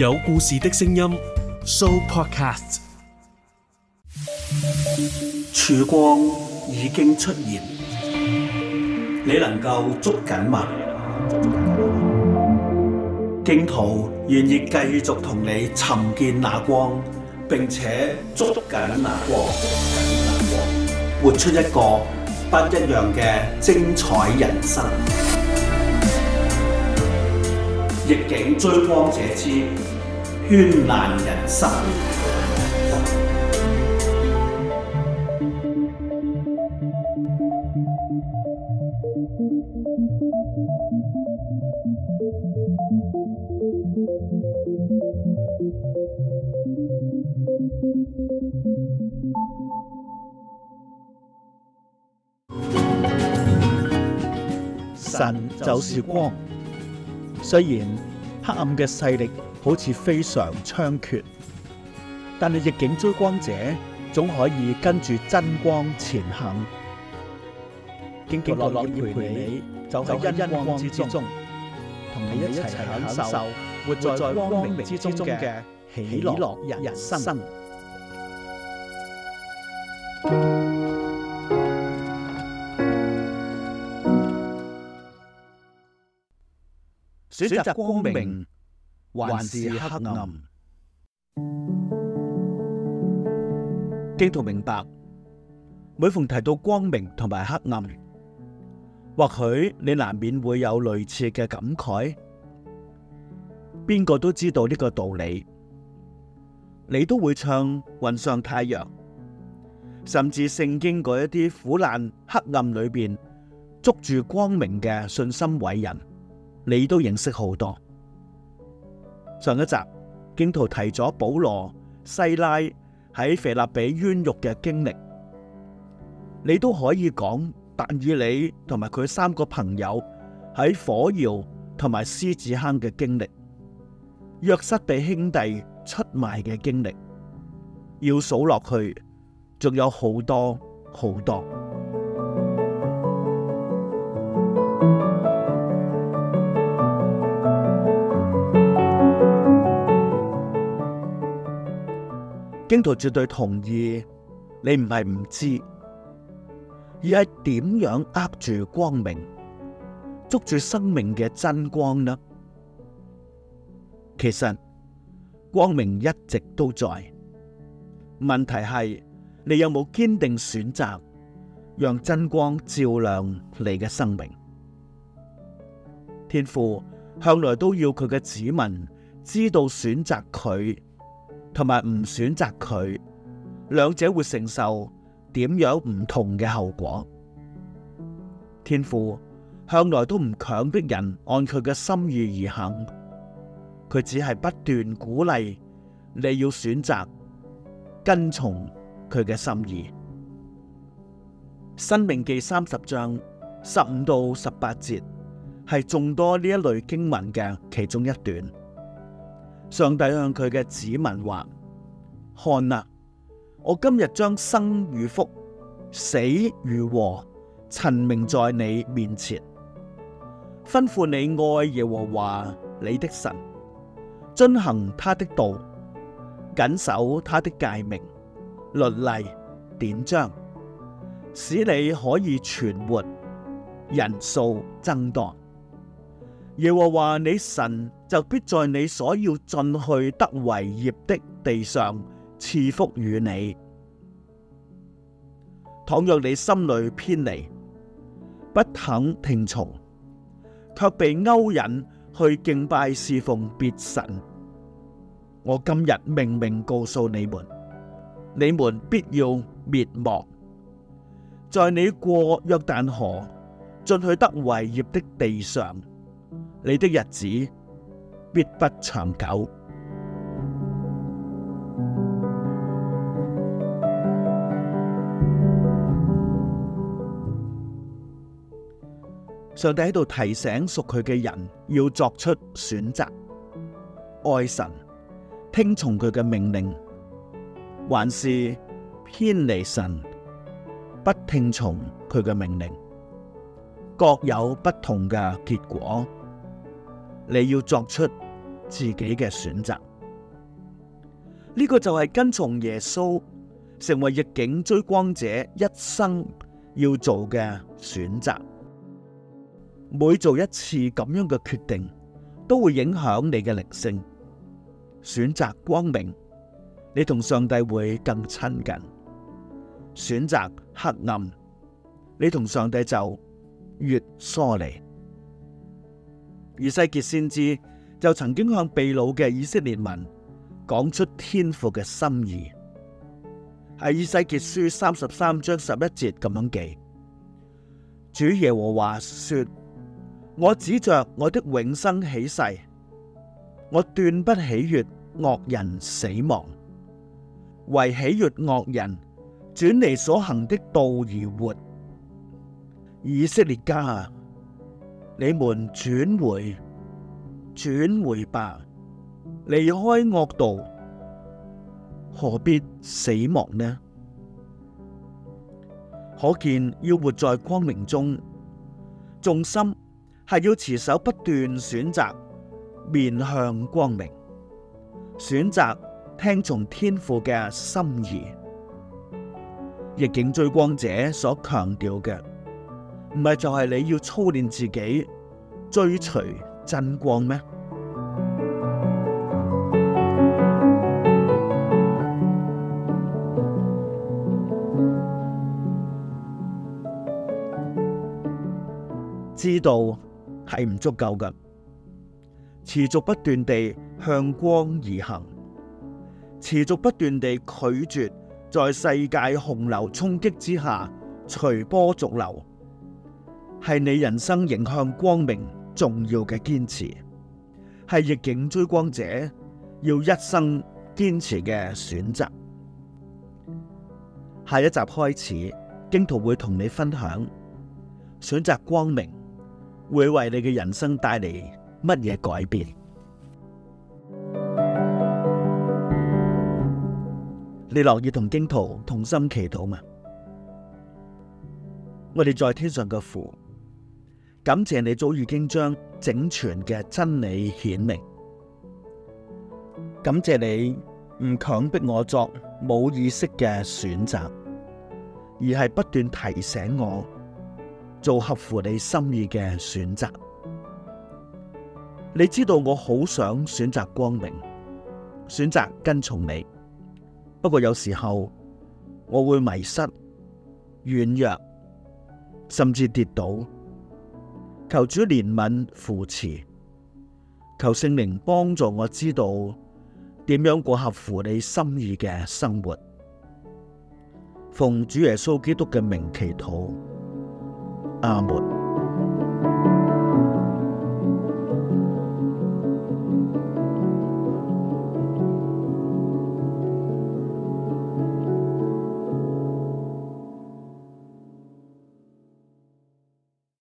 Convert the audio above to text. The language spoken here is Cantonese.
有故事的聲音，Sooo Podcast。曙光已經出現，你能夠捉緊嗎？荊徒願意繼續同你尋見那光，並且捉緊那光，活出一個不一樣嘅精彩人生。逆境追光者之絢爛人生，神就是光，雖然，黑暗嘅勢力好似非常猖獗，但係逆境追光者總可以跟住真光前行。荊徒樂意陪你，走喺恩光之中，同你一齊享受活在光明之中嘅喜樂人生。選擇光明還是黑暗？基督徒明白，每逢提到光明同埋黑暗，或許你難免會有類似嘅感慨。邊個都知道呢個道理，你都會唱《雲上太陽》，甚至聖經嗰一啲苦難、黑暗裏邊捉住光明嘅信心偉人。你都認識好多。上一集荊徒提咗保羅西拉喺腓立比冤獄嘅經歷，你都可以講但以理同埋佢三個朋友喺火窯同埋獅子坑嘅經歷，約瑟被兄弟出賣嘅經歷，要數落去仲有好多好多。荊徒絕對同意，你唔係唔知，而係點樣握住光明，捉住生命嘅真光呢？其實光明一直都在，問題係你有冇堅定選擇，讓真光照亮你嘅生命？天父向來都要佢嘅子民知道選擇佢。同埋唔選擇佢，兩者會承受點樣唔同嘅後果。天父向來都唔強迫人按佢嘅心意而行，佢只係不斷鼓勵你要選擇跟從佢嘅心意。申命記三十章十五到十八節係眾多呢一類經文嘅其中一段。上帝向佢嘅子民話：「看啊，我今日將生與福、死與禍、陳明在你面前，吩咐你愛耶和華你的神，遵行他的道，謹守他的誡命、律例、典章，使你可以存活，人數增多。耶和華你神就必在你所要進去得為業的地上賜福與你。倘若你心裏偏離，不肯聽從，卻被勾引去敬拜侍奉別神，我今日明明告訴你們，你們必要滅亡。在你過約旦河進去得為業的地上。你的日子必不長久。上帝喺度提醒屬佢嘅人，要作出選擇：愛神，聽從佢嘅命令，還是偏離神，不聽從佢嘅命令，各有不同嘅結果。你要作出自己嘅選擇，呢個就係跟從耶穌成為逆境追光者一生要做嘅選擇。每做一次咁樣嘅決定，都會影響你嘅靈性。選擇光明，你同上帝會更親近；選擇黑暗，你同上帝就越疏離。以西結先知就曾經向被擄嘅以色列民講出天父嘅心意，係《以西結書》三十三章十一節咁樣記：主耶和華說，我指着我的永生起誓，我斷不喜悦惡人死亡，為喜悦惡人轉離所行的道而活，以色列家啊！你們轉回，轉回吧，離開惡道，何必死亡呢？可見要活在光明中，重心係要持守不斷選擇，面向光明，選擇聽從天父嘅心意，逆境追光者所強調嘅。唔係就係你要操練自己，追隨真光咩？知道係唔足夠嘅，持續不斷地向光而行，持續不斷地拒絕在世界洪流沖擊之下隨波逐流，係你人生迎向光明重要嘅堅持，係逆境追光者要一生堅持嘅選擇。下一集開始，荊徒會同你分享選擇光明會為你嘅人生帶嚟乜嘢改變。你樂意同荊徒同心祈禱嗎？我哋在天上嘅父。感謝你早已經將整全嘅真理顯明，感謝你唔強迫我作冇意識嘅選擇，而係不斷提醒我做合乎你心意嘅選擇。你知道我好想選擇光明，選擇跟從你，不過有時候我會迷失、軟弱，甚至跌倒。求主憐憫扶持，求聖靈幫助我知道點樣過合乎你心意嘅生活。奉主耶穌基督嘅名祈禱，阿門。